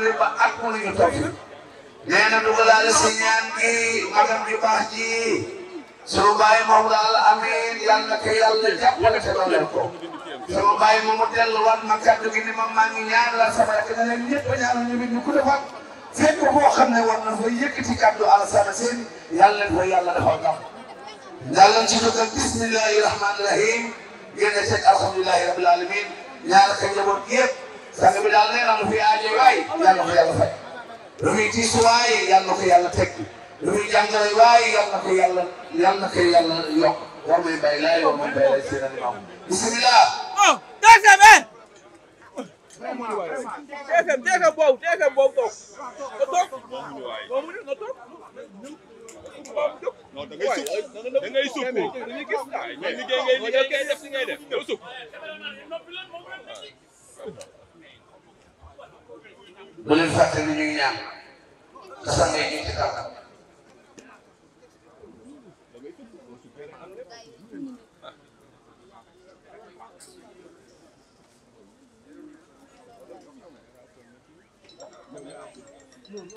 li ba at mu ñu topp nee na du ko laal si ñaan gi magam ju baax ji sunu bàyyi moom daal amiin yal na ko yàlla jàppale te dooleel ko sama bàyyi moomu delluwaat ma kàddu gi ni ma maa ngi ñaan la sama rakk na leen ñëpp ñaanal ñu nit ñu ko defaat fekk koo xam ne war na fa yëkkati kàddu Alassane Sène yàlla leen fa yàlla dafa ndam daal lañ ci dugal bismillahi rahmaani rahim génne teg alhamdulilahi rabil alamin ñaar ka njaboot yëpp sang bi daal nee na lu fi aajo waay yal na ko yàlla faj lu fi tiis waay yal na ko yàlla teg lu fi jàngale waay yal na ko yàlla yal na ko yàlla yokk war muy bay laa yow muy bay laa seen animam bisimilah. oh deuxième benn. deuxième deuxième boobu deuxième boobu toog nga toog nga mun nga toog. non da ngay sukk da ngay sukk dañuy gis ngay liggéey ngay liggéey ngay def si ngay def yow sukk. bu leen fàtte ni ñu ngi ñaan te sax ngay ñu ci kaw Thank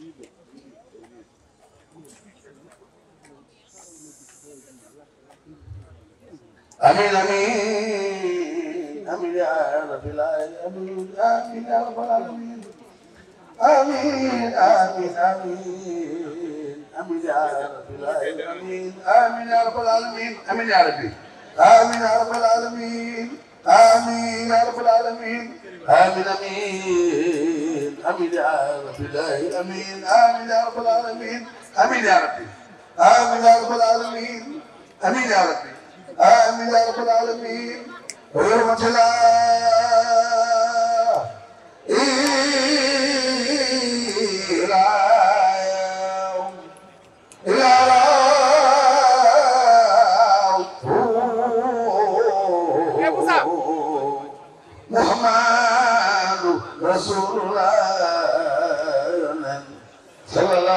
you. amin amin amin ya rabbil alamin amin ya rabbil alamin amin amin amin amin ya rabbil alamin amin ya rabbil alamin amin ya rabbi amin ya rabbil alamin آمين يا رب العالمين آمين آمين آمين يا رب الله آمين آمين يا رب العالمين آمين يا ربي آمين يا رب العالمين آمين يا ربي آمين يا رب العالمين ويوم لا محمد رسول الله صلى الله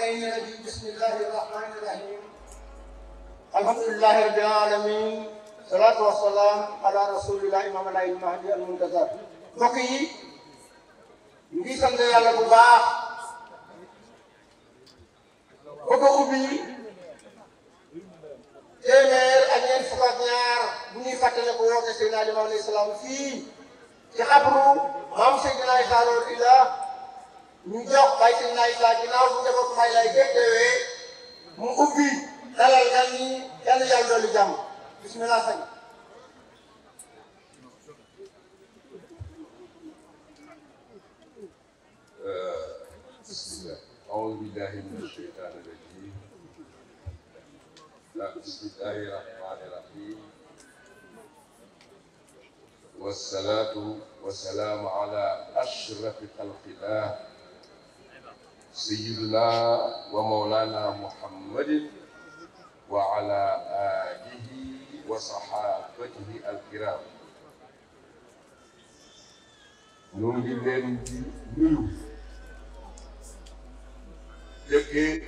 علينا بسم الله الرحمن الرحيم الحمد لله رب العالمين الصلاة والسلام على رسول الله إمام العيد المهدي المنتظر mbokk yi ñu ngi sant yàlla bu baax bëgg ubbi téeméer ak ñeent fukk ak ñaar bu ñuy fàttale ko woote Seydina Limaamu alayhi salaam fii ci xabru maam Seydina Issa Loor Ila ñu jox baytul naa isa ginnaaw bu defak may lay gépp teewee mu ubbi dalal gan ñi yàlla yàlla doolu jàmm bismillah sañ bismillah أعوذ بالله من الشيطان الرجيم بسم الله الرحمن الرحيم والصلاة والسلام على أشرف خلق الله سيدنا ومولانا محمد وعلى آله وصحابته الكرام نونجي لين نيو جكي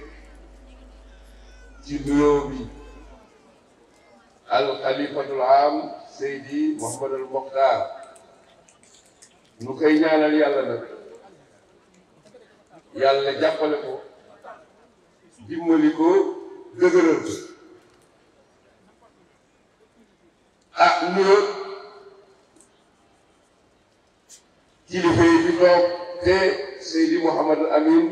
جنوبي الخليفة العام سيدي محمد المختار نكاي نانال يالا yàlla jàppale ko dimbali ko dëgëral ko ah nuro kilifa yi fi toog te Seydi Mouhamadou Amin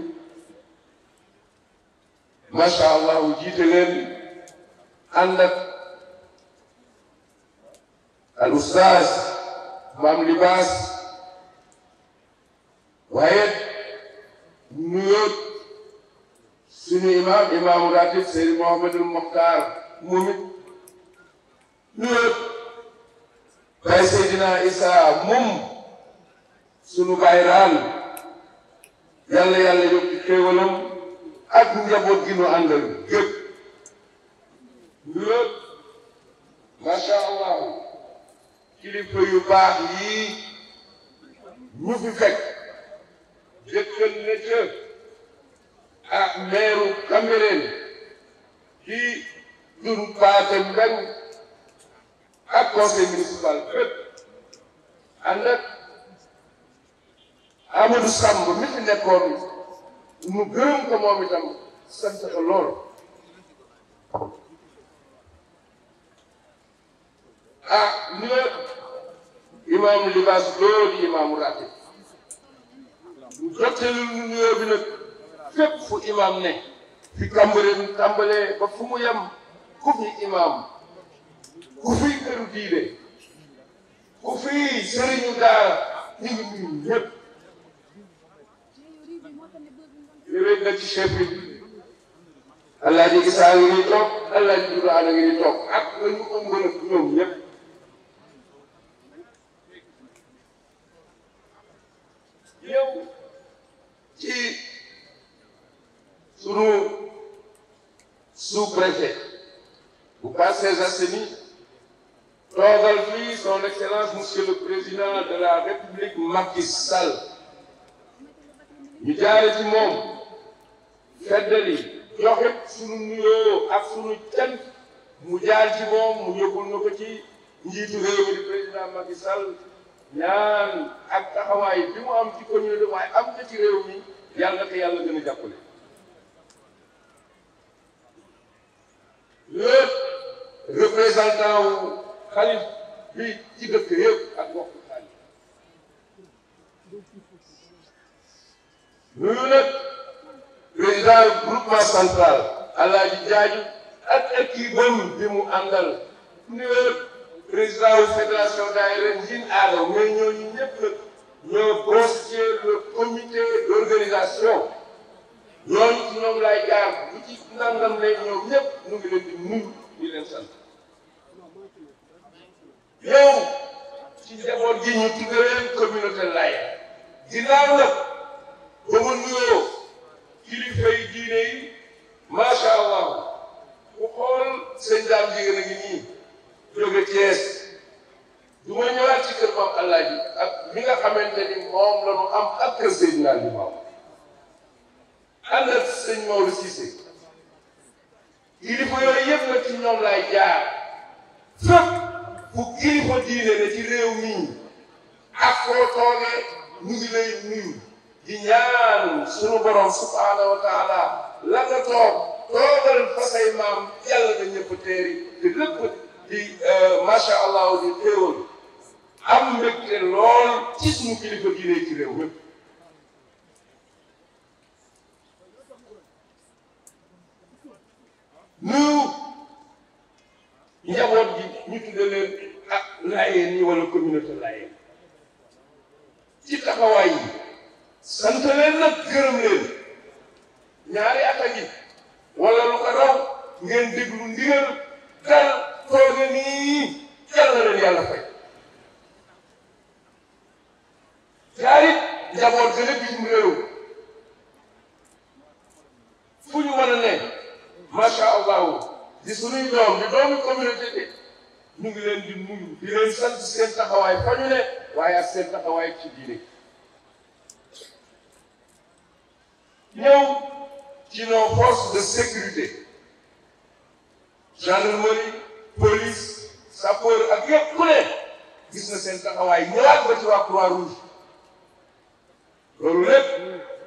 macha allah jiite leen ànd ak al oustaz maam libaas waaye nuyoot suñu imaam imaamu ratib Seydi Mouhamadul Mokhtar moom it nuyoot bay Seydina Isa moom suñu bay raan yàlla yàlla yokk xéewalam ak njaboot gi nu àndal gépp nuyoot macha allahu kilifa yu baax yii ñu fi fekk jëkkal na ca ah meeru Cambérène ci jur paase mbañ ak conseil municipal fépp ànd ak Amadou Samb mi fi nekkoon mu gërëm ko moom itam sant ko lool ah ne imaamu libaas loolu imaamu raatib jottali lu nuyoo bi nag fépp fu imaam ne fi Cambérène tàmbalee ba fu mu yem ku fi imaam ku fi këru diine ku fi sëriñu daara nga ci chef bi Alaaji Isaa ngi ni toog Alaaji Duda ngi ni ci sunu sous-préfet bu Parcelles Assainies toogal fii son excellence monsieur le président de la république Macky Sall ñu jaare ci moom feddali joxe sunu nuyoo ak sunu cant mu jaar ci moom mu yóbbul na ko ci njiitu réew mi di président Macky ñaan ak taxawaay bi mu am ci communauté waaye am na ci réew mi yàlla te yàlla gën a jàppale lépp représentant wu xalif bi ci dëkk yëpp ak bokk xaalis nuyu nag président groupement central Alaaji Jaaju ak équipe mu àndal nuyu président wu fédération daayira Ndine Aada mais ñooñu ñëpp ñoo constitué le comité d' ñooñu ci laay jaar bu ci nangam lay ñoom ñëpp ñu ngi leen di nuyu di leen sant yow ci njaboot gi ñu tuddee leen communauté lay ginnaaw nag ba mu nuyoo kilifa yi diine yi macha allah xool seen daam jigéen a ngi nii. jóge Thiès du ma ñëwaat ci kër Maam Alaaji mi nga xamante ni moom la ñu am ak kër Seydina Limaamu ànd ak sëñ Maodo Cissé kilifa yooyu yëpp nag ci ñoom laay jaar fépp bu kilifa diine ne ci réew mii ak foo toogee ñu ngi lay nuyu di ñaan sunu borom subhaanahu wa taala la nga toog toogal fa say maam yàlla nga ñëpp teeri di euh, macha allah di teewal am mbégte lool ci suñu kilifa diine ci réew mi nuyu gi ñu tudde leen ah yi wala communauté laayeen ci taxawaay yi sant leen leen ñaari at a gi lu ko raw ngeen déglu ndigal dal tooge nii yàlla na leen yàlla fay jaarit njaboot gën a bitim réew fu ñu mën a ne macha allahu di suñuy doom di doomi communauté bi ñu ngi leen di nuyu di leen sant seen taxawaay fa ne waaye ak seen ci diine ñëw ci nos forces de sécurité gendarmerie police sapeur ak yëpp ku ne gis na seen taxawaay ñëwaat ba ci waa croix rouge loolu lépp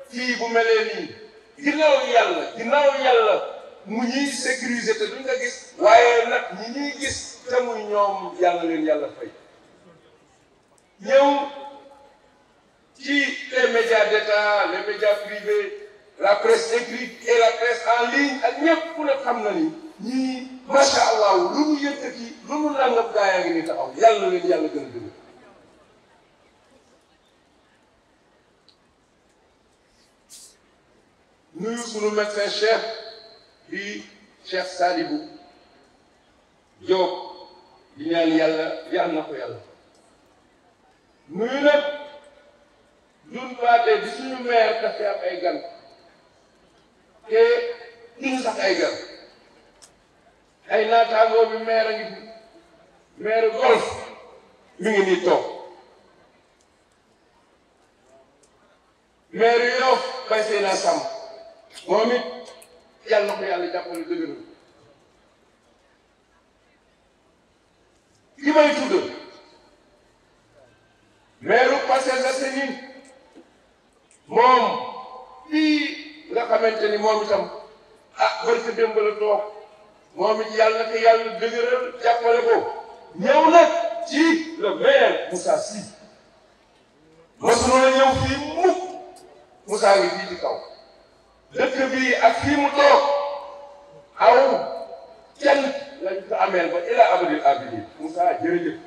fii bu melee nii ginnaaw yàlla ginnaaw yàlla mu ñuy sécuriser te duñ ko gis waaye nag ñi ñuy gis te muy ñoom yàlla leen yàlla fay ñëw ci les médias d'état les médias privés la presse écrite la presse en ligne ak ñëpp ku ne xam na ni ñii macha allah lu mu yëkkati lu mu nangam gaa yaa ngi ni taxaw yàlla leen yàlla gën a dëgg. nuyu sunu médecin chef di Cheikh Sadibou Diop di ñaan yàlla yàlla na ko yàlla nuyu nag ñun waa tey di suñu maire dafay am ay gan. te duñu sax ay gar ay naataangoo bi maire a ngi fi maire golf mi ngi nii toog maire Yoff bay seen a sàmm moom it yàlla na ko yàlla jàppale dëgëral ki may tudd maire Parcelles Assainies moom fii nga xamante ni moom itam ah barke démb la toog moom it yàlla na ko yàlla dëgëral jàppale ko ñëw nag ci le maire Moussa Sy mosuloon a ñëw fii mukk Moussa ngi fii ci kaw dëkk bii ak fii mu toog aw kenn lañ ko ameel ba ila abadil abidin Moussa jërëjëf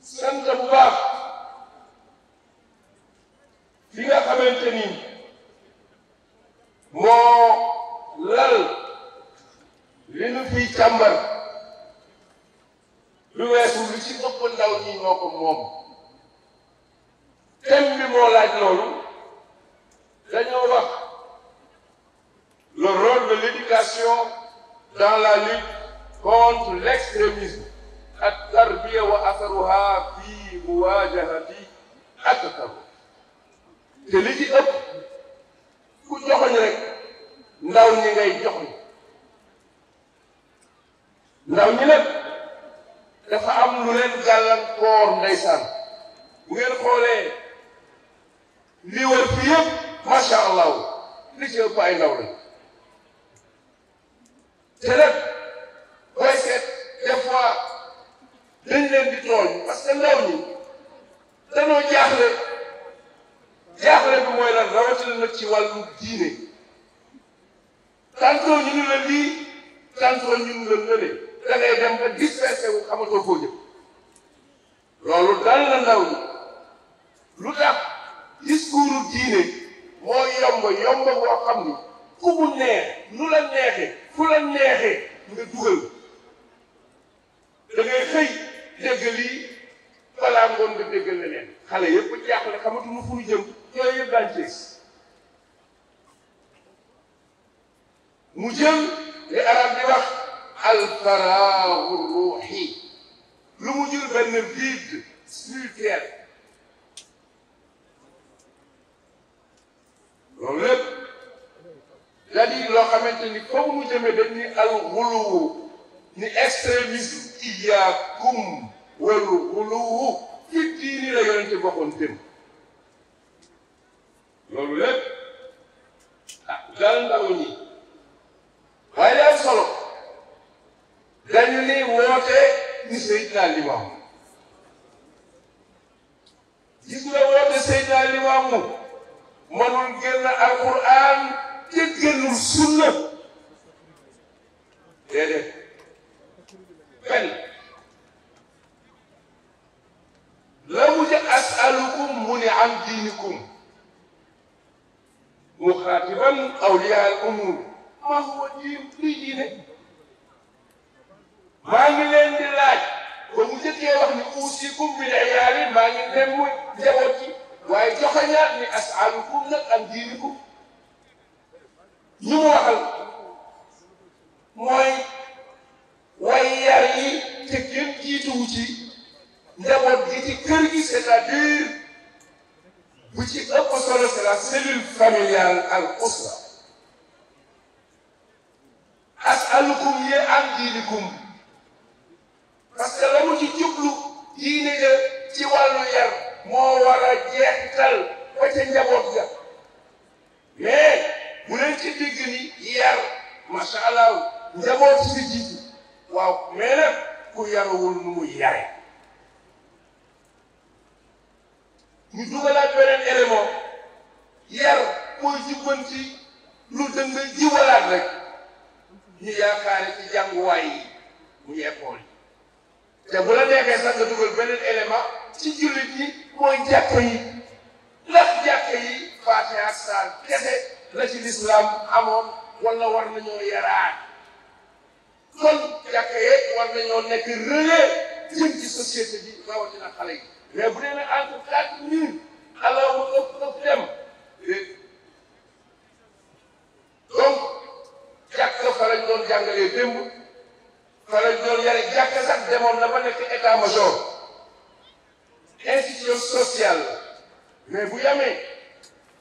sant bu baax fi nga xamante ni moo lal li nu fiy càmbar lu weesu lu ci ëpp ndaw ñi ñoo ko moom thème bi moo laaj loolu dans la lutte contre l'extrémisme tarbiya wa atharuha fi muwajahati akthar te li ci ëpp ku joxoñ rek ndaw ñi ngay joxoñ ndaw ñi nag dafa am lu leen gàllankoor ndeysaan ngeen xoolee li wër fi yëpp macha allah li ci ëpp ay ndaw lañ te nag booy seet leen di tooñ parce que ndaw ñi danoo jaaxle jaaxle bi mooy lan rawatina nag ci wàllu diine tantôt ñu ngi la lii tantôt ñu ngi la nële da ngay dem ba dispersé wu xamatoo koo loolu dal na ndaw ñi lu tax discours diine moo yomb yomb boo xam ni ku mu neex nu la neexee. fu la neexee nga dugal da ngay xëy dégg lii balaa ngoon nga dégg leneen xale yëpp ba jaaxle xamatuñu fu ñu jëm yooyu yëpp daan jeex mu jël li arab di wax alfaraagu ruuxi lu mu jël benn vide spirituel loolu lépp cest à loo xamante ni foofu mu jëmee dañ ni al xuluwu ni extrémisme iyaakum wal xuluwu ci diini la yonente bokkoon tëm loolu lépp ah, dal ndaw ñi waaye dañu ni woote ni Seydina Limaamu gis nga woote Seydina Limaamu mënul génn alquran yëgganul sunna déedéet benn law asalukum mu ne an diinikum muxaatiban awliyaa al umur ma huwa diin luy maa ngi leen di laaj ba mu jëkkee ni uusikum bil iyaali maa ngi dem mu njaboot yi ni asalukum nag an diinikum ñu waxal mooy waaye yar yi te kenn jiituwu ci njaboot gi ci kër gi c'est-à-dire ëpp solo c'est la cellule familiale al usra asalukum ye am diinikum parce que la mu ci jublu diine ja ci wàllu yar moo war a jeexital ba ca njaboot ga bu ci dégg ni yar macha allah njaboot si jiitu waaw mais nag ku yarawul nu muy yare ñu dugalaat beneen élément yar mooy jubbanti lu dëng jiwalaat rek ñu yaakaare ci jànguwaay yi muy école yi te bu la neexee sax nga dugal beneen élément ci jullit yi mooy jàkka yi ndax jàkka yi Faatiha ak saar kese la ci lislaam amoon wala war nañoo yaraat kon jàkka yee war nañoo nekk relais jëm ci société bi rawatina xale yi mais bu dee ne entre quatre mille xale ma ëpp ëpp dem donc jàkka fa lañ doon jàngalee démb fa lañ doon yare jàkka sax demoon na ba nekk état major institution sociale mais bu yamee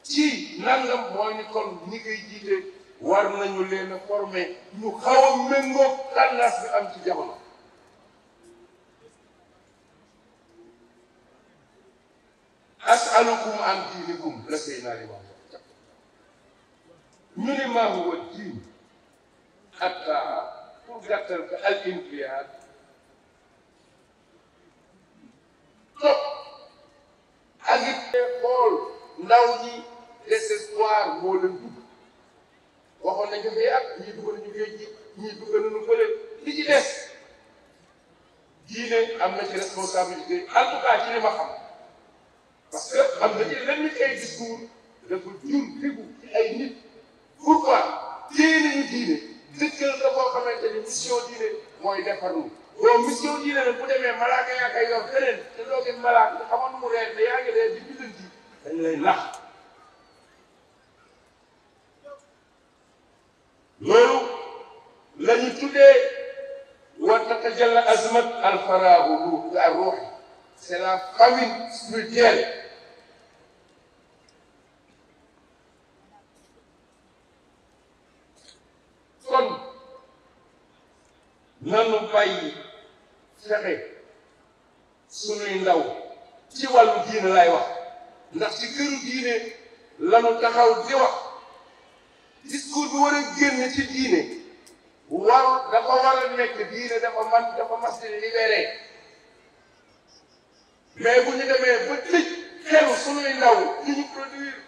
ci nangam mooy ni kon ñi koy jiite war nañu leen a former ñu xaw a méngoo tendance bi am ci jamono asalukum an diinikum la Seydina Limaamu ñu ni maa huwa diin hatta pour gàttal ko al inqiyaad topp ak it xool ndaw ñi désespoir moo leen dugg waxoon nañu fee ak ñii dugg nañu géej gi li ci des diine am na ci responsabilité en tout cas ci li ma que am na ci lenn ci ay discours dafa jur déggu ay nit pourquoi téye diine dëkkal la boo xamante ni mission diine mooy defarlu bon mission diine nag bu demee malaaka yaa koy yor feneen te doo gis malaaka xamoon mu reer ne yaa ngi reer di bisanti dañ lay lax loolu la ñu tuddee wa tatajalla azmat alfaraahu lu ar ruux c'est la famine spirituelle kon nanu bàyyi fexe sunuy ndaw ci wàllu diine lay wax ndax ci këru diine lanu taxaw di wax discours bu war a génn ci diine war dafa war a nekk diine dafa man dafa mas di libéré mais bu ñu demee ba tëj xelu suñuy ndaw li ñu produire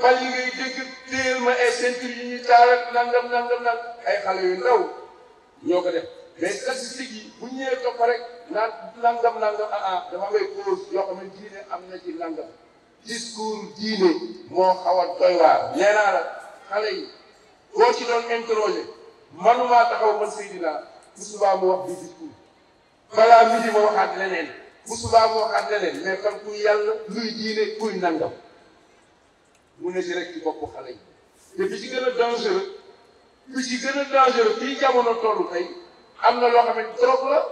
bal yi ngay dégg téel ma ay ceinture yi ñuy ñoo ko def mais statistique yi bu ñu ñëwee rek naan nangam nangam ah ah dafa am ay cause yoo xam ne diine am na ci nangam. discours diine moo xaw a doy xale yi boo ci doon interroger manumaa taxaw man Seydina bu subaa mu wax bi discours balaa midi ma waxaat leneen bu subaa ma waxaat leneen mais kan yàlla luy diine kuy nangam mu ne si rek ci boppu xale yi te bi ci gën a dangereux bi ci gën a dangereux fii jamono tollu tey am na loo xam ne trop la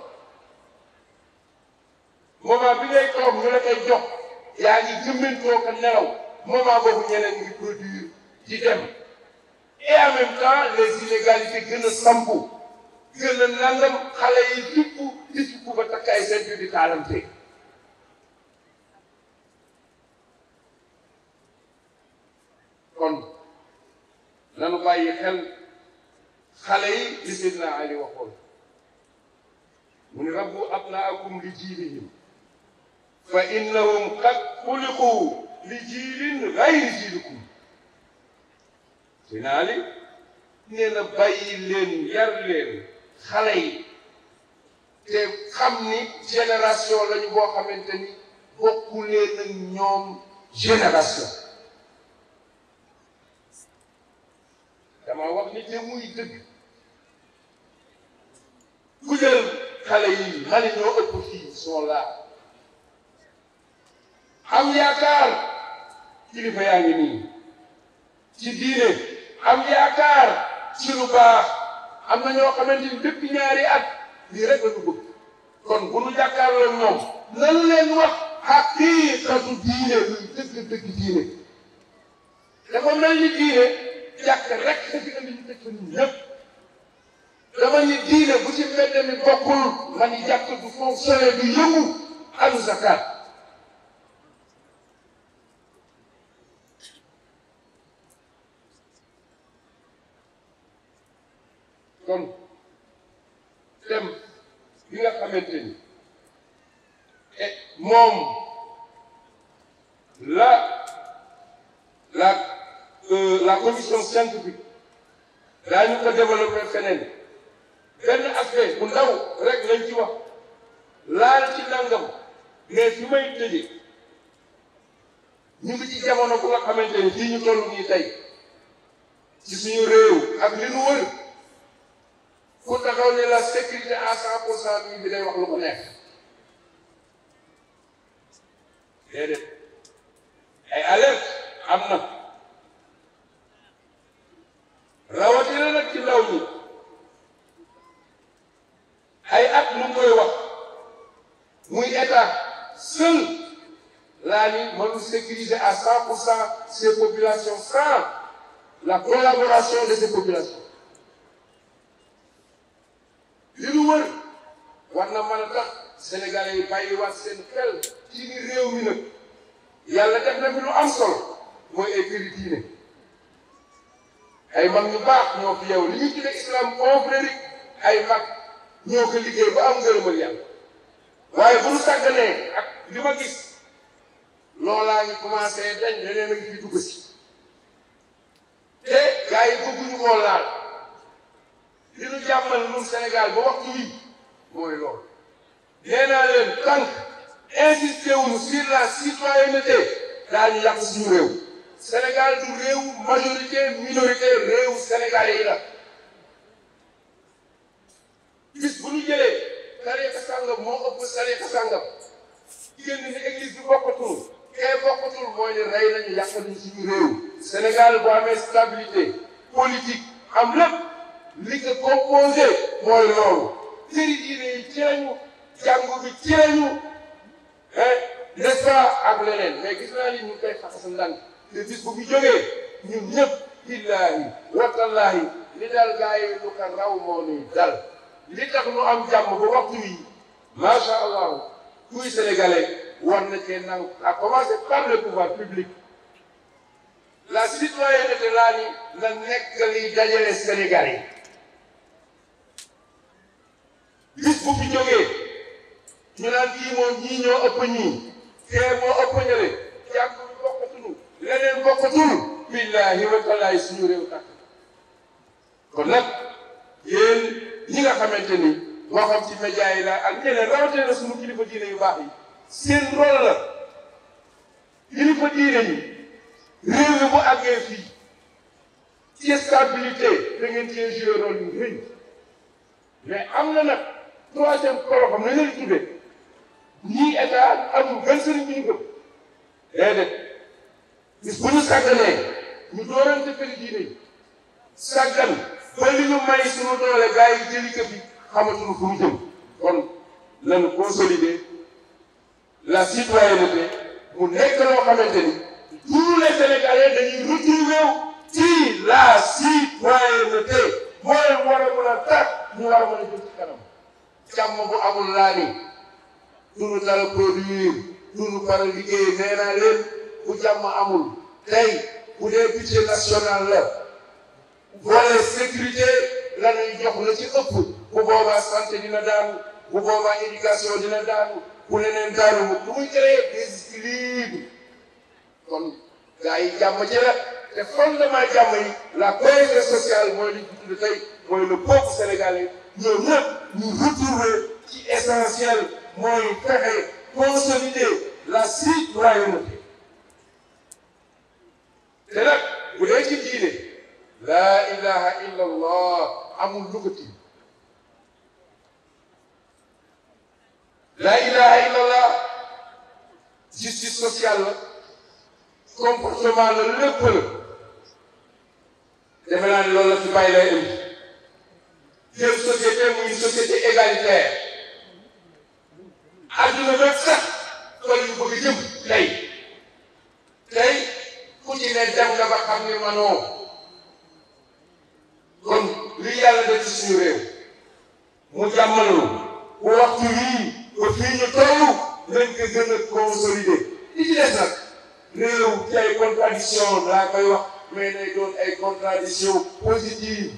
moment bi ngay toog ñu la koy jox yaa ngi jëmmantoo ko nelaw moment boobu ñeneen ngi produire di dem et en même temps les inégalités gën a sampu gën a nangam xale yi jupp di jupp ba takk ay di taalante kon nanu bàyyi xel xale yi li Seydina Ali waxoon mu ne rabbu abnaakum li diinihim fa innahum qad xuliqu li jiilin gayri jiilikum dinaa li nee na bàyyi leen yar leen xale yi te xam ni génération lañu boo xamante ni bokku leen ñoom génération dama wax ni te muy dëgg ku jël xale yi xale ëpp fii sont là am yaakaar kilifa yaa ngi nii ci diine am yaakaar ci lu baax am na ñoo xamante ni depuis ñaari at lii rek la ñu kon bu nu jàkkaarloo ñoom nan leen wax xaqiiqatu diine luy dëgg dëgg diine dafa mel ni diine jàkk rek ñu diine bu ci mbedd mi bokkul ma ni jàkk du fonctionné du yëngu am zakat bi nga xamante ni eh, moom la la euh, la commission scientifique daañu ko développé feneen benn aspect bu ndaw rek lañ ci wax laal ci nangam mais fi may tëjee ñu ngi ci jamono bu nga xamante ni fii ñu toll nii tey ci suñu réew ak li nu wër. ku taxaw ne la sécurité à cent pour cent bii bi lay wax lu ko nekk déedéet ay alerte am na rawatina nag ci ndaw ñi ay at lu koy wax muy état seul laa ni mënu sécuriser à cent pour cent ces populations sans la collaboration de ces populations li lu wër war na mën a tax sénégalais yi bàyyiwaat seen xel ci ni réew mi nag yàlla def na fi lu am solo mooy ay këri diine ay mag ñu baax ñoo fi yow li ñu tuddee islam confrérique ay mag ñoo ko liggéey ba am ngërëmal yàlla waaye bu ñu sàgganee ak li ma gis loolaa ñu commencé dañ leneen a ngi dugg si te gars yi bëgguñu koo laal. li ñu jàppale ñun Sénégal ba waxtu wi mooy loolu nee naa leen tant insisté wuñu sur la citoyenneté daañu yàq suñu réew Sénégal du réew majorité minorité réew sénégalais yi la bis bu ñu jëlee tariqa sàngam moo ëpp tariqa sàngam génn ni église bi bokkatul kee bokkatul mooy ne rey nañu yàq suñu réew Sénégal bu amee stabilité politique am lépp li ko composé mooy loolu sëriñ diine yi ci lañu jàngu bi ci lañu leneen mais gis naa ni ñu koy xasas ndànk te bis bu mu jógee ñun ñëpp billaahi watallaahi li dal gaa yi lu ko dal li tax nu am jàmm ba waxtu yi macha allah kuy sénégalais war na cee nangu à commencer par le pouvoir public la citoyenneté laa ni na nekk liy dajale sénégalais bis bu fi jógee ñu naan kii moom ñii ñoo ëpp ñii xeer moo ëpp ñële jàpp ñu bokkatuñu leneen bokkatul billaahi wa talaay suñu réew tàkk kon nag yéen ñi nga xamante ni moo xam ci média yi la ak ñeneen rawatina na suñu kilifa diine yu baax yi seen rôle la kilifa diine yi réew mi bu àggee fii ci stabilité da ngeen cee joué rôle yu rëy am na nag troisième koroxam nañ leen tuddee ñii état amul benn sëriñ bi ñu gëm déedéet bis bu ñu sàgganee ñu doorante këri diine yi sàggan ba li ñu may suñu doole gars jëli kër yi xamatuñu fu mu jëm kon lañu consolider la citoyenneté mu nekk loo xamante ni tous les Sénégalais dañuy retrouver ci la citoyenneté mooy war a mën a tax ñu war a mën a jëm ci kanam càmm bu amul laali duñu dara produire duñu para liggéey nee bu jàmm amul tey bu dee budget national la volet sécurité la jox la ci ëpp bu boobaa santé dina daanu bu boobaa éducation dina daanu bu leneen daanu bu muy créer déséquilibre kon gars yi jàmm ci la te fondement jàmm yi la cohésion sociale mooy li tey mooy le peuple sénégalais yooyu yëpp ñu retrouver ci essentiel mooy fexe consolider la citoyenneté te nag bu dee ci diine laa ilaha amul lugati laa ilaha illa justice sociale la comportement la lépp la defe naa ne loolu la fi bàyyi lay def société muy société égalitaire adduna nag sax tool yu bëgg jëm tey tey ku ci ne dem nga ba xam ni manoo kon li yàlla def ci suñu réew mu jàmmalalu bu waxtu yii ba fii ñu toll nañ ko gën a consolider li ci des nag réew ci ay contradiction laa koy wax mais day doon ay contradiction positive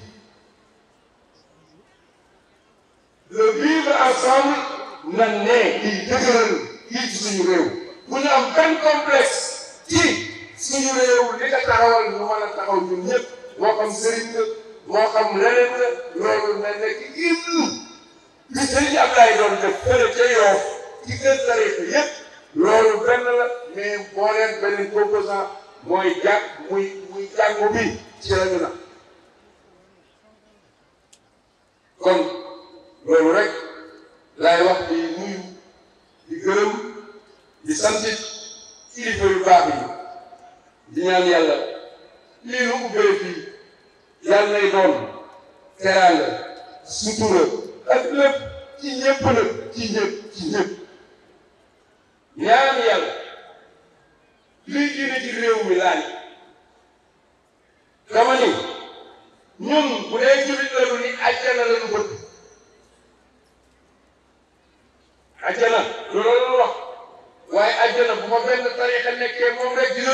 le vivre ensemble na ne kiy dëgëral kii suñu réew bu ñu am benn complexe ci suñu réew li nga taxawal ñu mën a taxaw ñun ñëpp moo xam sëriñ la moo xam leneen la loolu na nekk hymne bi sëriñ Ablaye doon def fële ci kër tarix yëpp loolu benn la mais boo leen beneen composant mooy jàng muy muy ci la ñu kon loolu rek laay wax di nuyu di gërëm di santit kilifa yu baax yi di ñaan yàlla lii nu ubbee fii yàlla doon teraanga sutura ak lépp ci ñëpp nag ci ñaan yàlla lii diine ci réew mi laaj dama ñun bu dee jullit la ñu ni àjjana la ñu bëgg ajjana loolu la wax waaye ajjana bu fa benn tariqa nekkee moom rek dina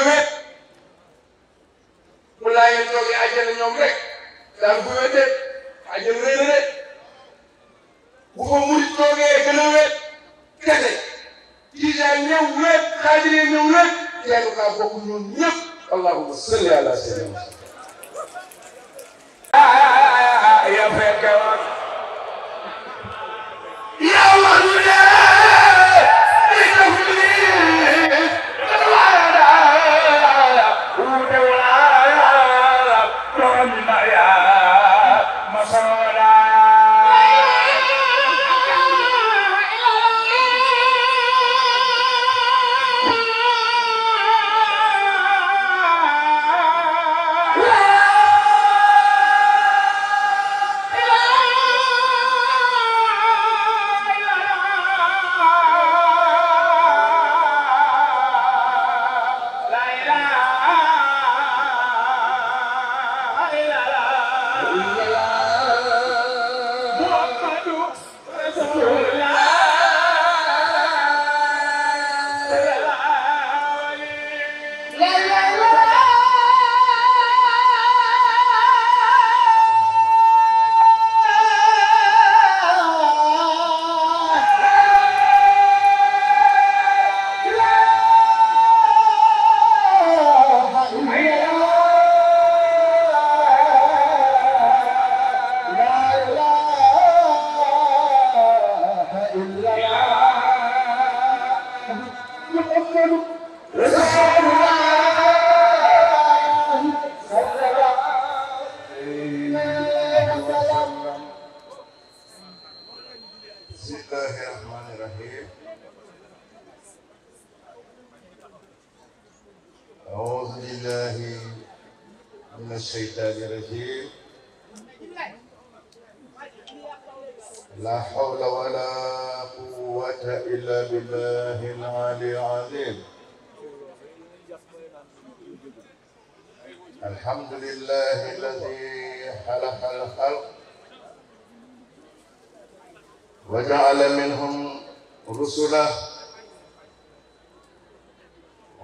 mu laayeen toogee ajjana ñoom rek daal bu wéetee ajjana rëy na de bu ko murit toogee gën a wéet kese tijaan ñëw wéet xaadiree ñëw wéet teenu kaa bokk ñun ñëpp allahuma salli ala sayyidina ya fekk yàlla lu dee. العظيم الحمد لله الذي خلق الخلق وجعل منهم رسله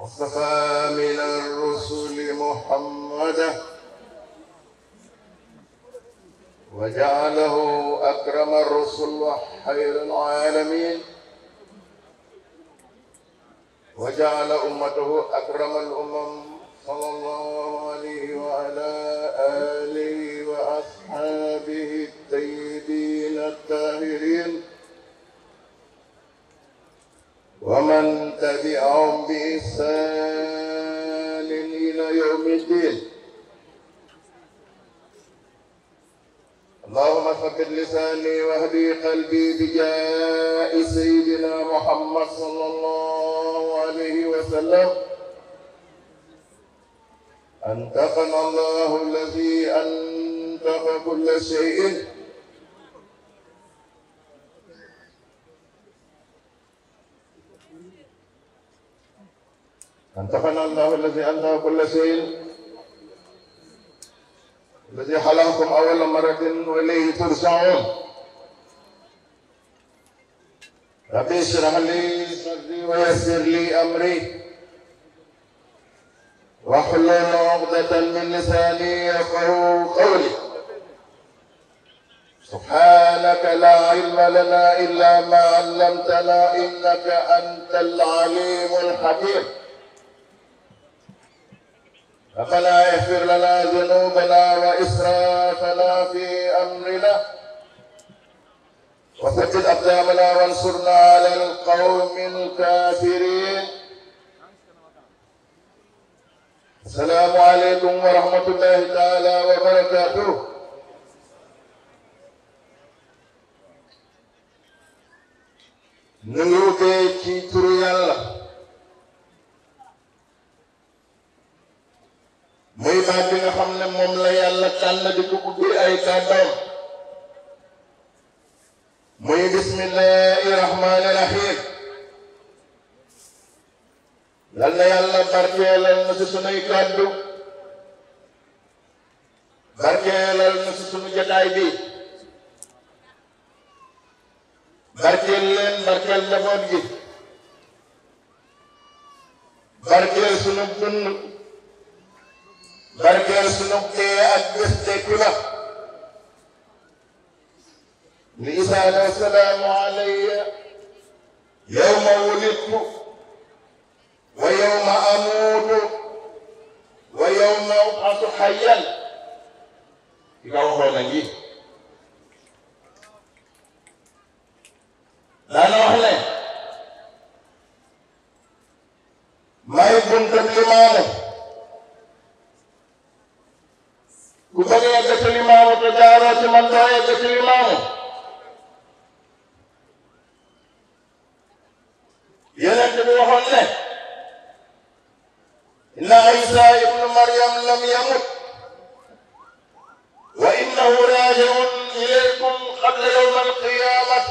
واصطفى من الرسل محمدا وجعله أكرم الرسل وخير العالمين وجعل أمته أكرم الأمم صلى الله عليه وعلى آله وأصحابه الطيبين الطاهرين ومن تبعهم بإحسان إلى يوم الدين اللهم فقد لساني واهدي قلبي بجاء سيدنا محمد صلى الله عليه وسلم أنتقنا الله الذي أنتق كل شيء أنتقنا الله الذي أنتق كل شيء الذي خلقكم أول مرة وإليه ترجعون رب اشرح لي صدري ويسر لي امري واحلل عقدة من لساني يفقه قولي سبحانك لا علم لنا الا ما علمتنا انك انت العليم الحكيم ربنا اغفر لنا ذنوبنا واسرافنا في امرنا وثبت أقدامنا وانصرنا على القوم الكافرين السلام عليكم ورحمة الله تعالى وبركاته نيوكي كي تري الله muy baat bi nga xam ne moom la yàlla tànn di ko ubbi ay kàddoom muy bismillahi rahmaani rahim lan la yàlla barkeelal na si sunuy kàddu barkeelal na si sunu jotaay bi barkeel leen barkeel njaboot gi barkeel sunu dund barkeel sunu dee ak bés لسان السلام علي يوم ولدت ويوم أموت ويوم أبعث حيا إذا هو نجيب daana wax ne may buntab limaamo ku bëgg yegg ci man doo yegg yonent bi waxoon ne inna isa ibnu maryam lam yamut wa innahu raajiun ilaykum qabla yawm alqiyamat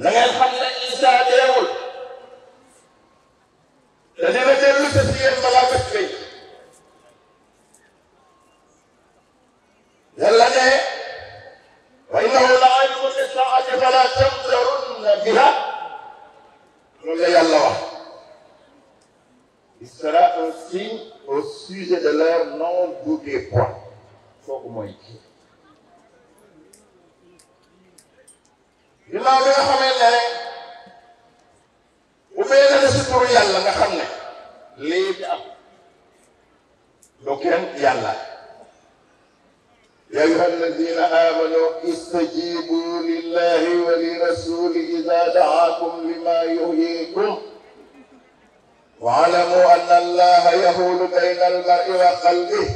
na ngeen xam ne isa deewul te dina dellu sa si yéen balaa bés bi yàlla ne وإنه لعلم للساعة فلا تمترن بها loolu la yàlla wax il sera un signe au sujet de l'heure non bougez point kooku mooy kii ginnaaw bi nga xamee ne ubbee na si turu yàlla nga xam ne lii di am du kenn yàlla يا أيها الذين آمنوا استجيبوا لله ولرسول إذا دعاكم لما يحييكم واعلموا أن الله يهول بين المرء وقلبه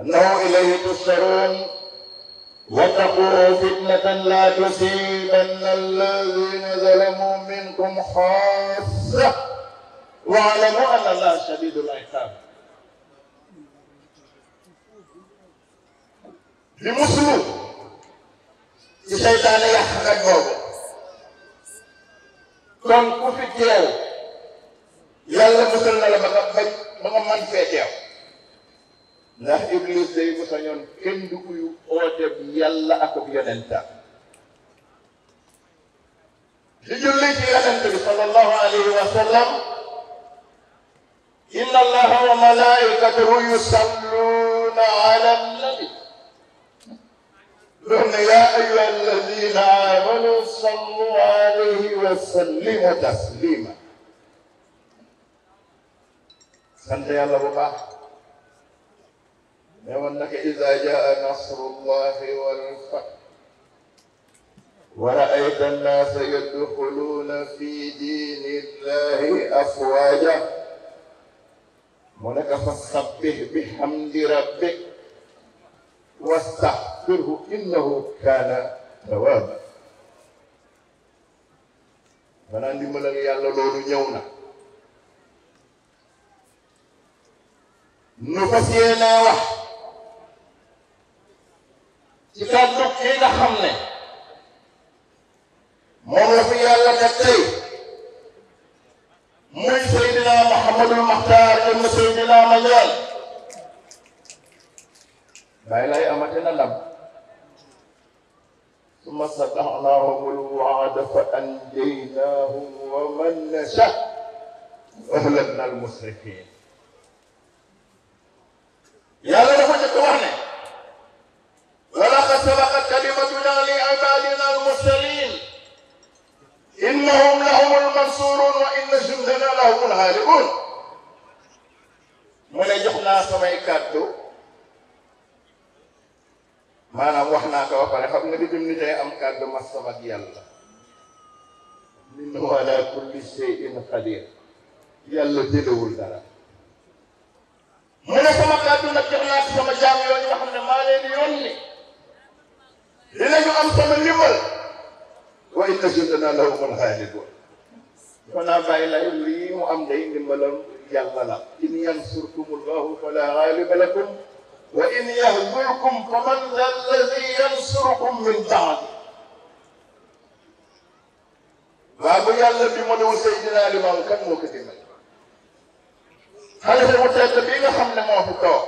أنه إليه تسرون واتقوا فتنة لا تصيبن الذين ظلموا منكم خاصة واعلموا أن الله شديد العقاب li musulu ci seytaane yàq xaj boobu kon ku fi teew yàlla musal na la ba nga bañ ba nga man fee teew ndax iblis day bu sañoon kenn du uyu ooteb yàlla ak ak yonenta li julli ci yonent bi sallallahu alayhi wa sallam inna allaha wa malaikatahu yusalluna ala لأن يا أيها الذين آمنوا صلوا عليه وسلموا تسليما سنت يا الله بقى لأنك إذا جاء نصر الله والفتح ورأيت الناس يدخلون في دين الله أفواجا ولك فسبح بحمد ربك واستغفره إنه كان توابا banaa ndimbalal yàlla loolu ñëw na nu fas yéenee wax ci kàddu kii nga xam ne moom la fi yàlla teg tey muy Seydina Mouhamadul Makhtar ibn Seydina Madiane bàyyi lay amate na ndam summa stata'naahum al-wa'da fa anjaynaahum wa man nasha wa ahlakna al-musrifin yàlla dafa njëkk wax ne wa laqad sabaqat kalimatunaa li 'ibaadinaa al-mursaliin innahum lahum al-mansuuruun wa inna jundana lahum al-ghaalibuun mu ne jox naa samay kàddu maanaam wax naa ko ba pare xam nga ni bi mu ni day am kàddu masam ak yàlla min wala kulli shay'in qadir yàlla jëlewul dara mu ne sama kàddu nag jox naa ci sama jaam yooyu nga xam ne maa leen yónni dinañu am sama ndimbal wa inna jundana lahumul ghalibun kon naa bàyyi lay lii mu am day ndimbalam yàlla la in yansurkumullahu fala ghaliba lakum وإن يهويكم فمن ذا الذي ينصركم من بعده baabu yàlla bi mu ne Seydina Limaamu kan moo ko dimbali xalifa bu tedd bii nga xam ne moo fi toog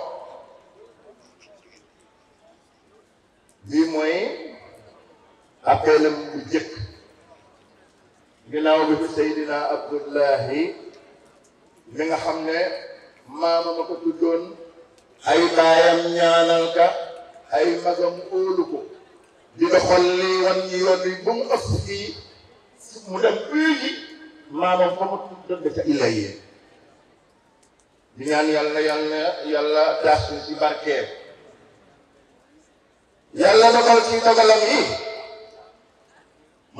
bii mooy appelam bu jëkk ginnaaw bi fi Seydina Abdullahi mi nga xam ne maama ma ko tuddoon ay baayam ñaanal ka ay magam óolu ko di doxal lii wan ñi ba mu ëpp fii mu dem uyi maamam ba mu dënd ca illa yéen di yàlla yàlla yàlla taas ci barkeem yàlla dogal ci dogalam yi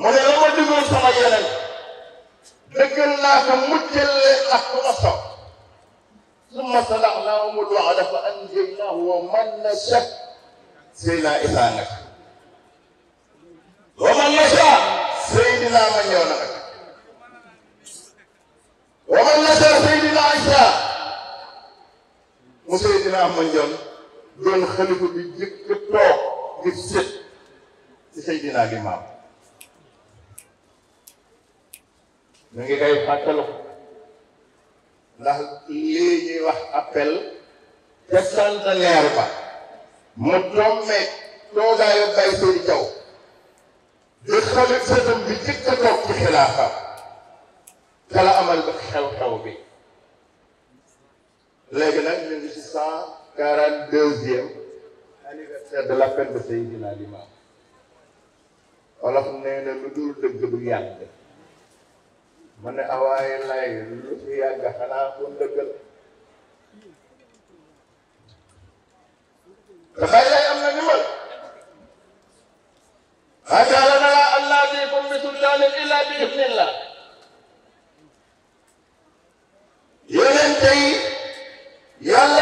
mu ne la ma dugal sama yeneen dëggal naa ko mujjale ak ku ma ثم صنعناهم الوعد فأنجيناه ومن نشاء سينا إسانك ومن نشاء سيدنا من يونك ومن نشاء سيدنا عيسى mu Seydina man yoon doon xalifa bi jëkk toog ngir sët ci Seydina Limaam ñu ngi koy fàttaliku ndax lii wax appel te centenaire ba mu tomme toogaayu bay seen jaw di xamit sëtam bi jëkk a toog ci xilaafa te la amal ba xew-xew bi léegi nag ñu ngi ci cent quarante deuxième anniversaire de l'appel de Seydina Limamou wala xam nee na lu dul dëgg du yàgg ma ne awaaye lay lu fi yàgg xanaa ko dëggal te bay lay am na ndimbal xaataala nala an naatikum bi sultaanin illaa bi idnillah yeneen tey yàlla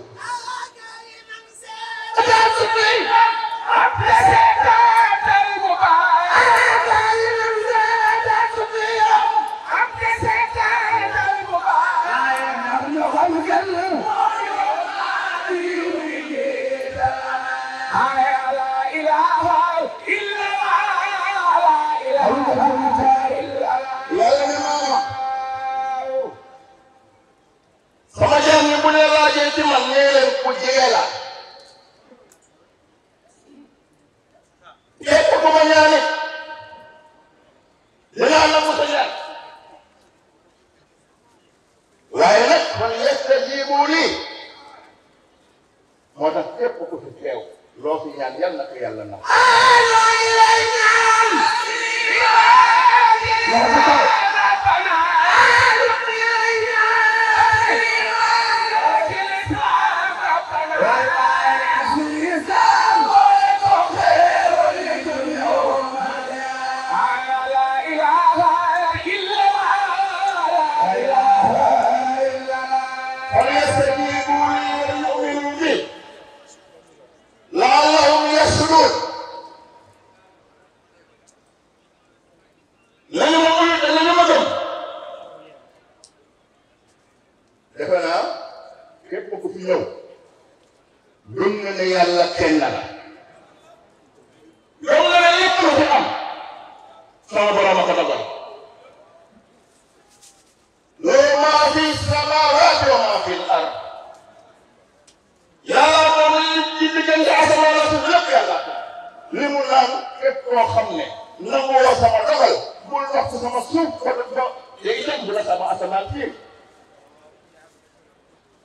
képp koo xam ne nangu woo sama dogal bul wax ci sama suuf ko def ba léegi nag bu la sama asamaan fii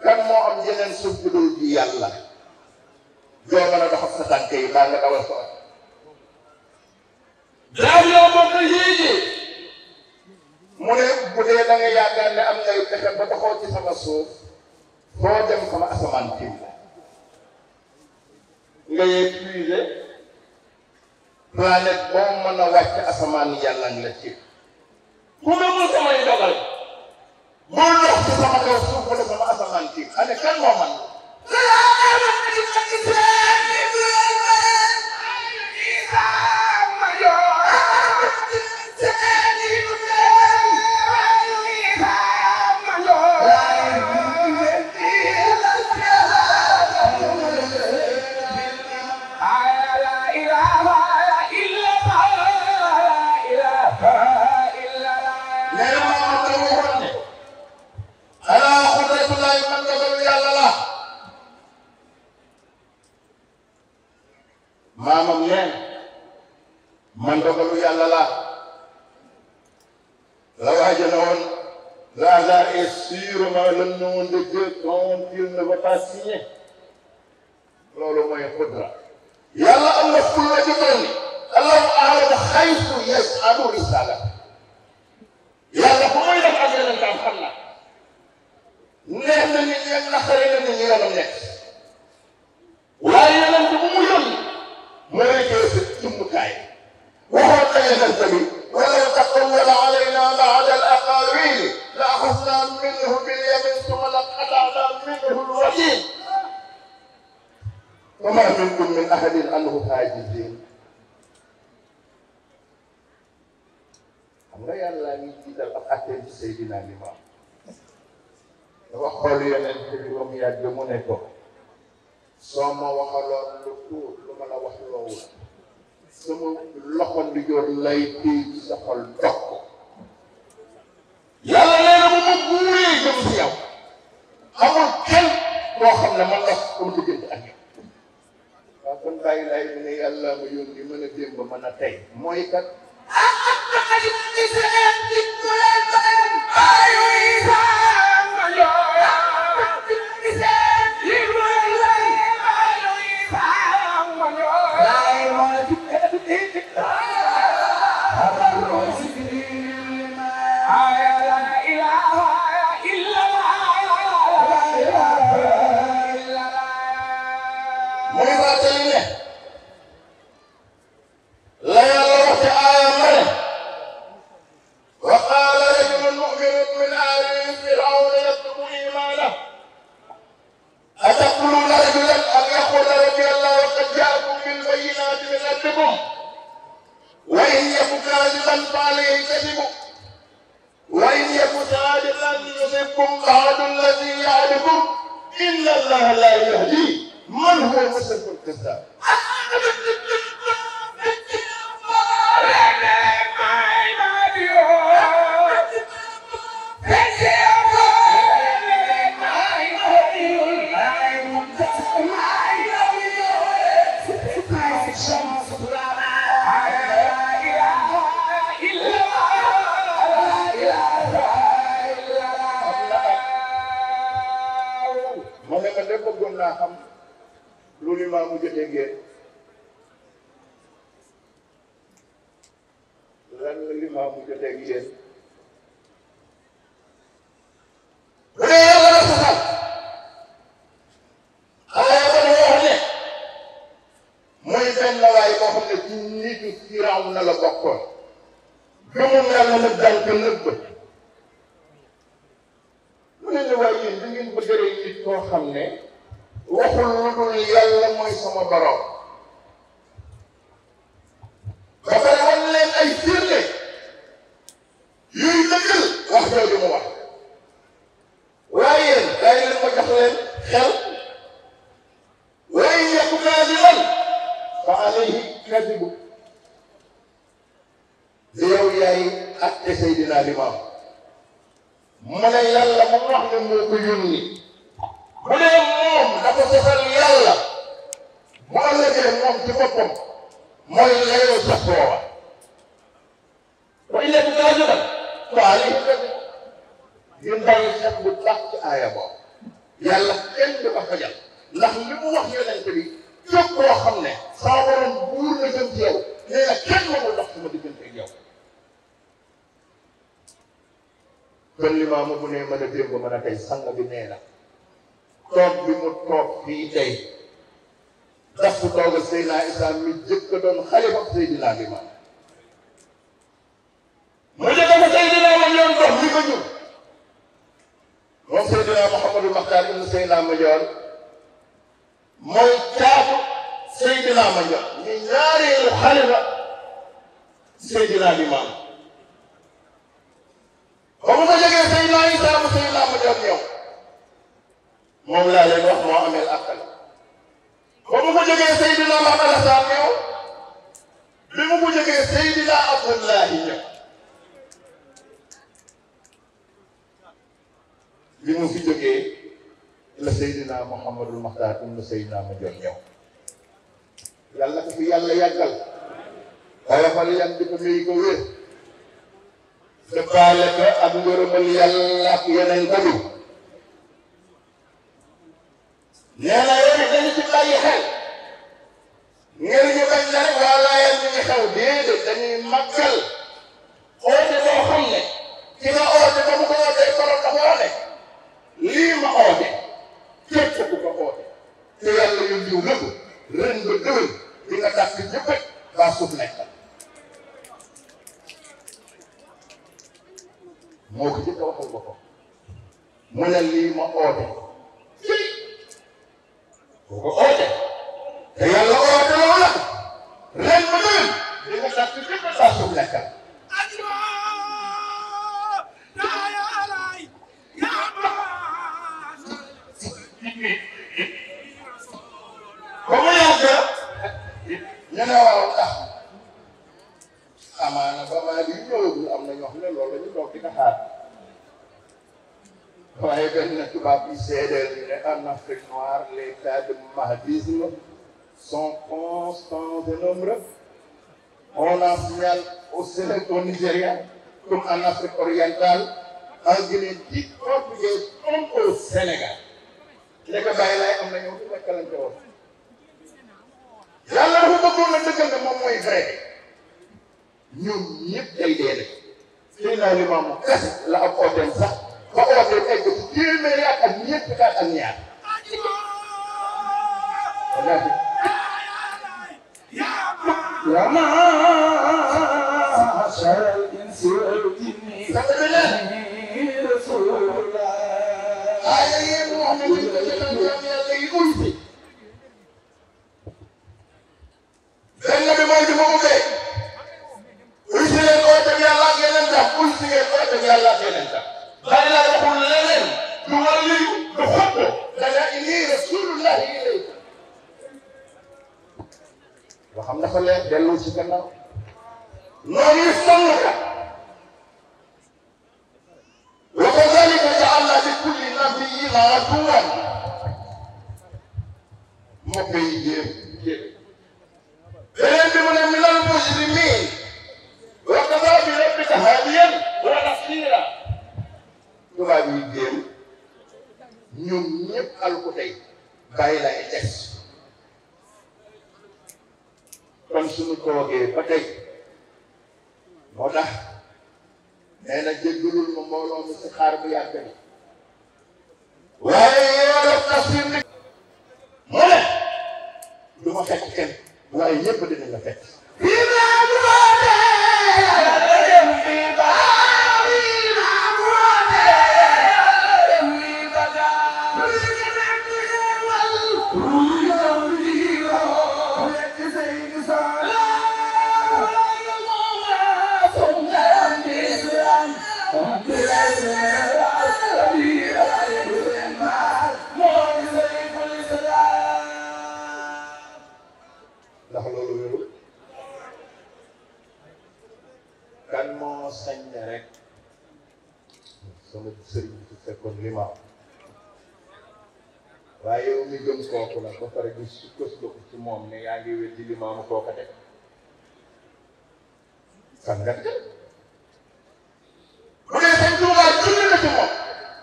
kan moo am yeneen suuf bu dul bi yàlla joo mën a doxal sa tànk yi baa nga dawal ko daaw yow moom na yéegi mu ne bu dee da nga yaakaar ne am ngay pexe ba taxaw ci sama suuf foo dem sama asamaan fii nga yee puiser planète boo mën a wàcc asamaan yàlla ngi la ci ku gëmul samay dogal boo dox ci sama kaw suuf wala sama asamaan ci xane kan moo man man dogalu yàlla la la waaj a noon le hasard est sûrement le de Dieu dont il ne va loolu mooy xudra yàlla am na fulla ju toll ni allahu a'lamu haythu yaj'alu risaala yàlla bu muy def ak yeneen tam xam na neex na nit ñi naqari na nit ñi yoonam nekk waaye yeneen bi bu mu waxoon xalifa bi walaw taqawwala alayna ba'da al-aqaawil la axadna minhu bil-yamin thumma laqata'na minhu al-watiin wa ma minkum min ahadin anhu haajizin xam nga yàlla ngi jiital ab affaire bi Seydina Limaam dafa xool yonent bi ba mu yàgg mu ne ko soo ma waxaloon lu tuut lu ma la wax loowul sama loxo di joor lay téye ci sa xol dox mu ma buuree jëm si yow xamul kenn koo xam ne man ndox comme diggante ak yow waaw kon bàyyi laay mu ne yàlla ma yónni mën a démb mën a mooy kat li mu wax moo ko jëkk a waxal boppam mu ne lii ma oote kii boo ko Nigeria, comme en Afrique orientale, en Guinée dite portugaise, comme au Sénégal. nekk bàyyi laay am na ñoom fi nekk lañ ko woon. na dëggal ne moom mooy vrai ñoom ñëpp day dee rek. tey naa li maamu kese la am ooteem sax ba ooteem egg ci téeméeri ak ñetti at ak ñaar. yaa ma. معشر الإنس والجن رسول الله آية محمد يقول في benn bi mooy di ko ubbee uy si leen ooteeg yàlla ak yeneen tax uy si leen ooteeg yàlla ak yeneen tax bari laa waxul leneen du war liyu du xotto dana inni rasulullahi ilayka waxam dafa leer dellu si gannaaw noonu sonn ko wa kazalika ja'alna li kulli nabiyyin aduwwan mbokk yi jéem beneen mu ne minal mujrimin wa kafaa bi rabbika haadiyan wa nasiira tubaab yi jéem ñoom ñëpp alku tey bàyyi lay des kon suñu toogee ba tey moo tax nee na jéggalul ma mbooloo si xaar bu yàgg bi waaye yoolom tafsir bi mu ne du ma fekk kenn waaye yëpp dinañ li ma am waaye yow mi gëm kooku la ba pare gis su kës la ko moom ne yaa ngi weddi li maamu kooka def kan nga mu ne sëñ Tuubaa ci moom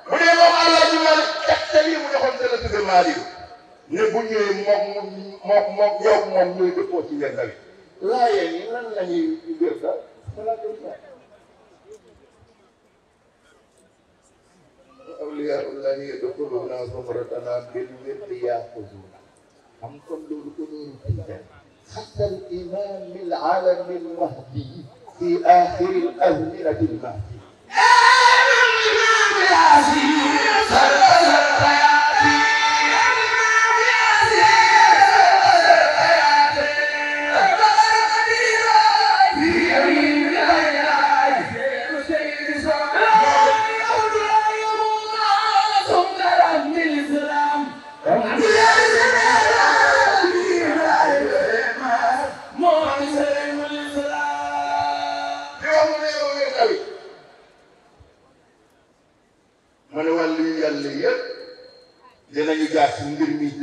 mu ne moom allah ji man tegte lii mu joxoon bu ñëwee moom moom moom yow dëppoo ci wér-gu-wér laayeen yi lan la ñuy wér-gu-wér awliyaa allahi yadxuluuna zumratanaa bil wirdi yaaxuzuuna xam kon loolu ko loolu tiita xatta al imaam al aalam al mahdi fi aaxiri al azminati al mahdi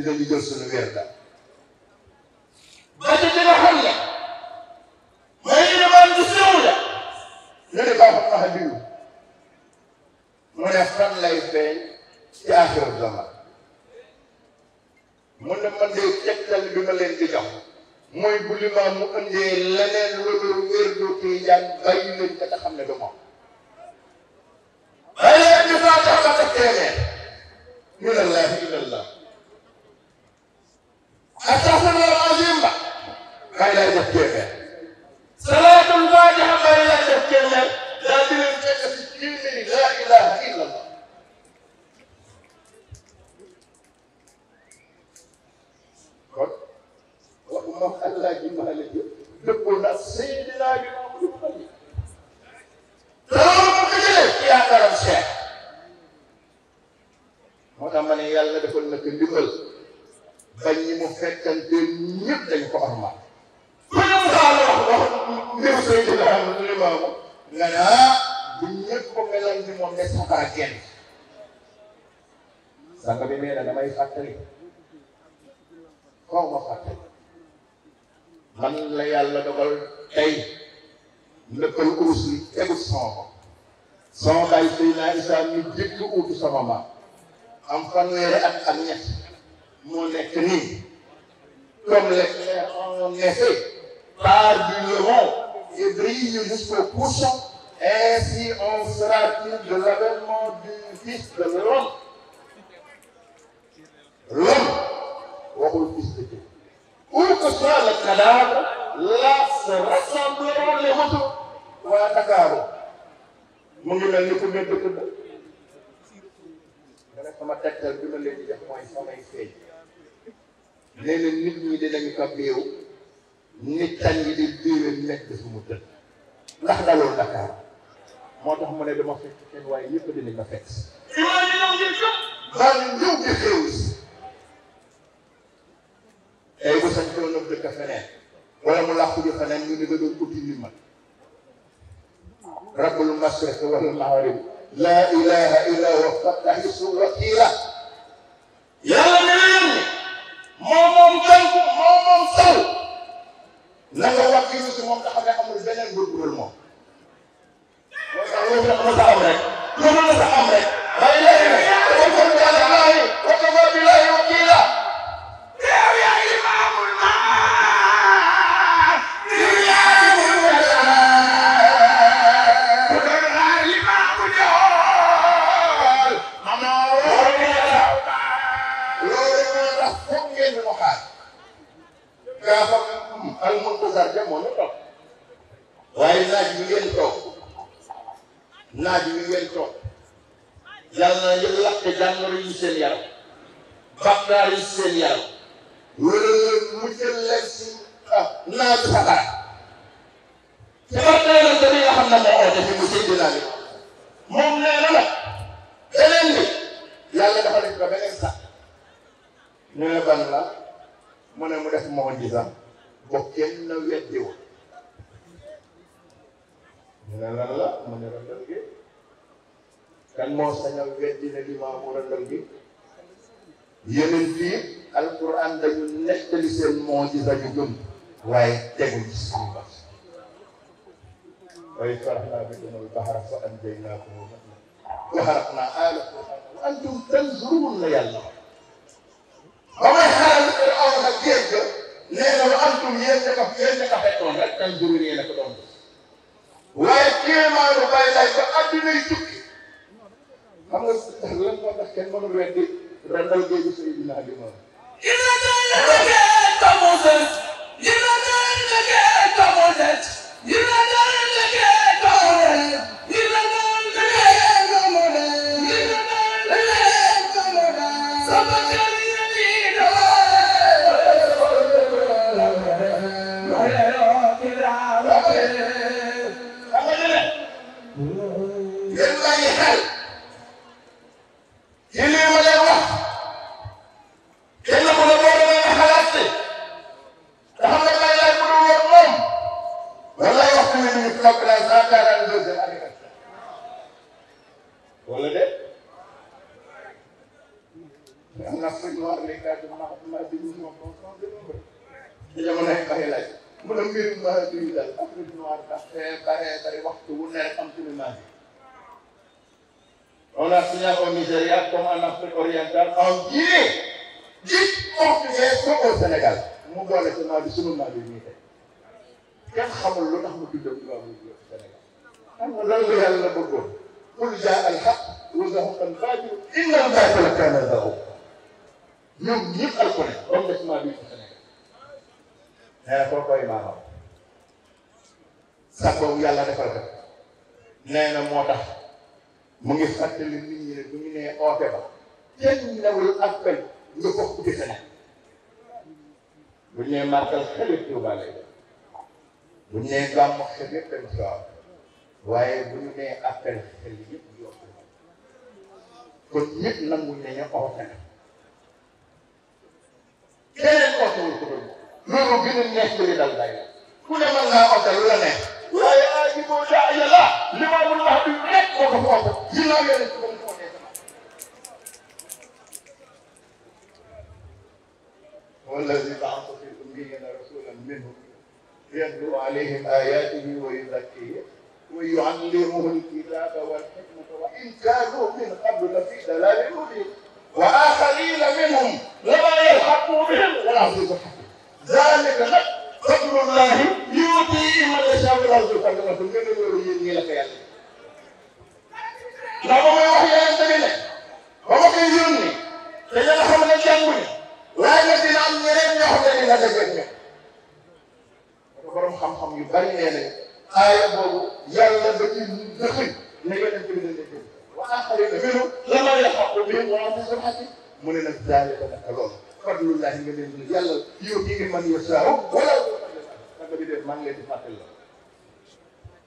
dinañu jël suñu weer daal dina xam ne mooy li ma lu la lu ne baax a biir mu ne fan lay feeñ ci affaire zaman mu ne man de tegtal bi ma leen di jox mooy bu limaam mu indee leneen lu dul wér du Tijaan bàyyi leen ko te xam ne du moom bàyyi leen faa tax a teg ñu ne laaj kaay laay def nee gàmmu xel yëpp dem ci waaw waaye bu nee appel xel yëpp yokk kon ñëpp nanguñ ne ñu oote na keneen ootewul ko doon loolu gën a dal day ku ne mën ngaa oote la neex waaye ah ji boo daa yàlla li ma mun wax du nekk moo ko fa oote ji laa yore ci moom moo dee والذي بعث في الأميين رسولا منهم يتلو عليهم آياته ويزكيهم ويعلمه الكتاب والحكمة وإن كانوا من قبل لفي ضلال مبين وآخرين منهم لما يلحقوا بهم والعزيز الحكيم ذلك لك فضل الله يؤتيه من يشاء والعزيز الحكيم من يؤمن لك يا الله ndax ba may wax yonent bi ne ba ma koy yónni te yàlla xam ne jàngu ne waaye nag dina am ñeneen ñoo xam ne dina dëgg borom xam-xam yu bari nee nañ aaya boobu yàlla ba ci dëxëy ne yonent bi ne dëgg wa axarina minhum lammaa yalhaqu bihim wa azizun hakim mu ne nag zaalika naka loolu fadlullahi nga leen di yàlla yu'tiihi man yashaa'u wala naka bi def maa ngi leen di fàttali la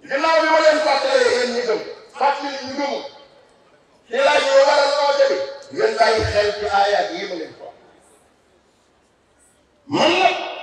ginnaaw bi ma leen fàttalee yéen ñi gëm fàttali ñu gëmu ci laaj yi waral noo jëli yéen bàyyi xel ci aayaat yi ma leen ko man nag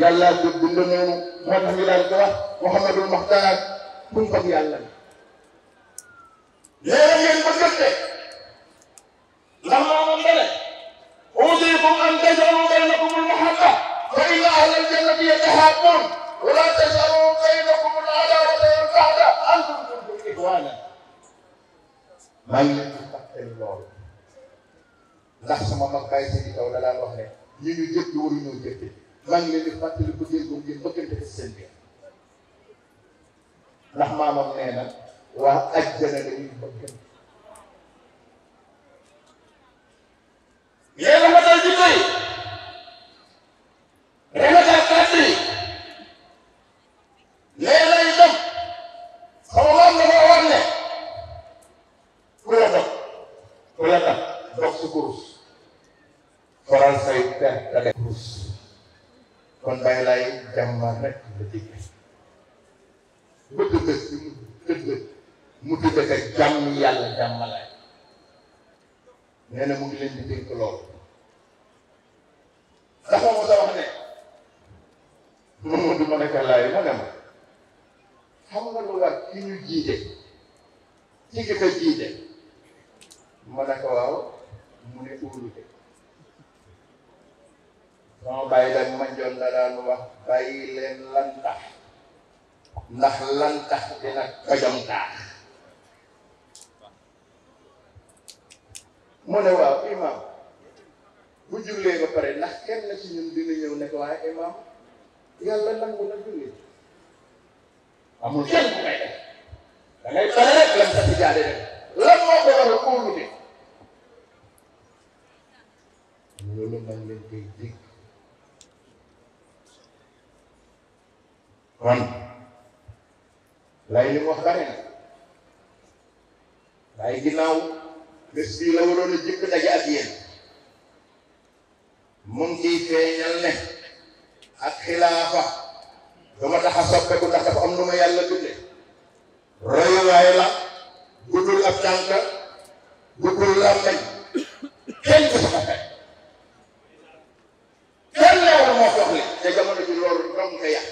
yàlla ko bind noonu moo tax ñu daan ko wax Mouhamadul Maxtaar kuñ ko yàlla la. léeg-léeg ngeen bëggante la maamam dane uusiikum an taj'alu baynakum al-mahabba fa inna ahla al-jannati yatahabbuun wa laa taj'alu baynakum al-adaawata wal-baghdaa'a antum kuntum ixwaanan maa ngi leen di fàttali loolu ndax sama mag bàyyi si di kaw da daan wax ne ñu ñu jëkk waruñoo jëkk maa ngi leen di fàttali ko dégg ngeen bëggante ci seen biir ndax maamam nee na waa ajjana dañuy bëggante. yéen a ma dal ji tey. du ma tax a soppeeku ndax dafa am lu ma yàlla bindee royuwaay la guddul ab tànk guddul la mbañ kenn du ko fekk kenn leewul moo ko wax te jamono ji loolu dong nga yàq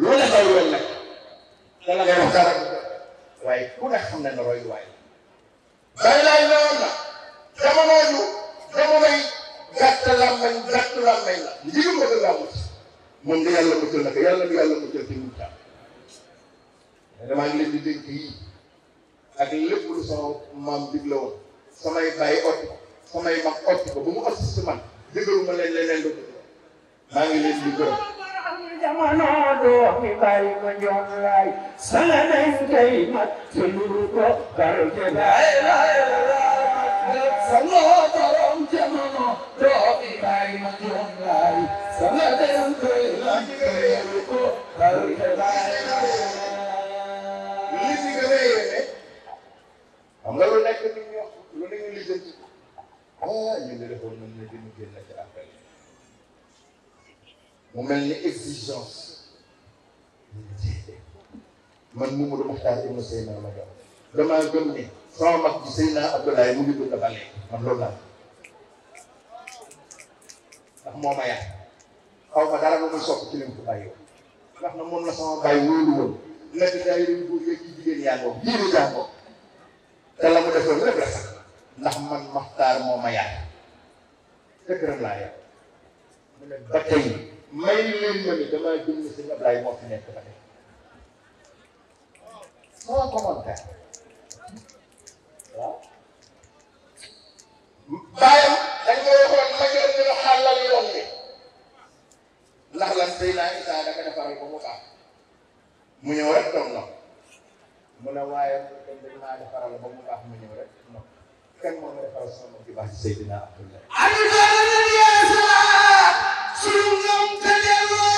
lu ne roy wel nag te la ngay wax dara waaye ku ne xam ne ne royuwaay la bay laay newoon na jamono ju jamonoy gàtt làmbañ gàtt làmbañ la ndigu ma ko gàmmut moom de yàlla muccal naka yàlla na yàlla muccal te mucc damaa ngi leen di dénk yii ak lépp lu sama maam digle woon samay bàyyi otti ko samay mag otti ko ba mu otti si man déggaluma leen leneen lu ko maa ngi leen di gërëm jamano doo mi bàyyi ma ñoom laay sala nañ kay mat te luru ko barke laay laay laay saloo borom jamano doo mi bàyyi ma ñoom laay sala nañ kay li si gën a yéeme xam nga lu nekk ni ñu wax lu ne ñu lijjanti ko ah ñu ngi defoon nañ ne dina génn ci appel mu mel ni exigence man Mamadou Makhtar Ibn Seyna ma jox damaa gëm ni sama mag bi Seyna Abdoulaye mu ngi dund ba léegi man loolu laa ndax moo xaw ma dara lu muy soppi ci li mu ko bàyyi woon ndax na moom la sama bàyyi wóolu nekk day yu góor yeeg yu jigéen yaa ngoog jiiru yaa ngoog te la mu defoon lépp la sax ndax man maxtaar moo ma yaay te këram laa yor moo fi nekk ba tey sans dañ ma jël ñu la xàllal yoon ndax lan Seydina Isa dafa defaral ko mu baax mu ñëw rek toog ndox mu ne waaye kenn dañ maa defaral ba mu baax mu ñëw rek ndox kenn moo ma defaral sama ci baax Seydina Abdoulaye.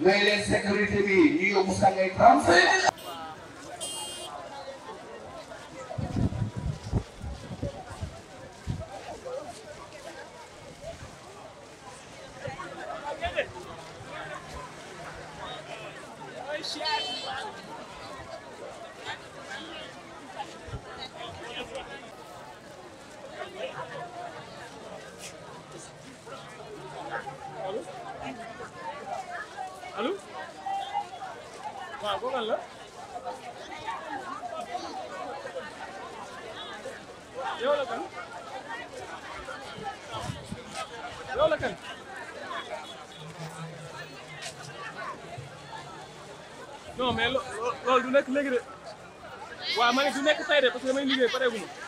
may leen sécurité bi ñu yóbbu sàngay transfert yow la kan yow la kan non mais loolu du nekk léegi de waaw ma du nekk tey de parce que damay liggéey pareeguma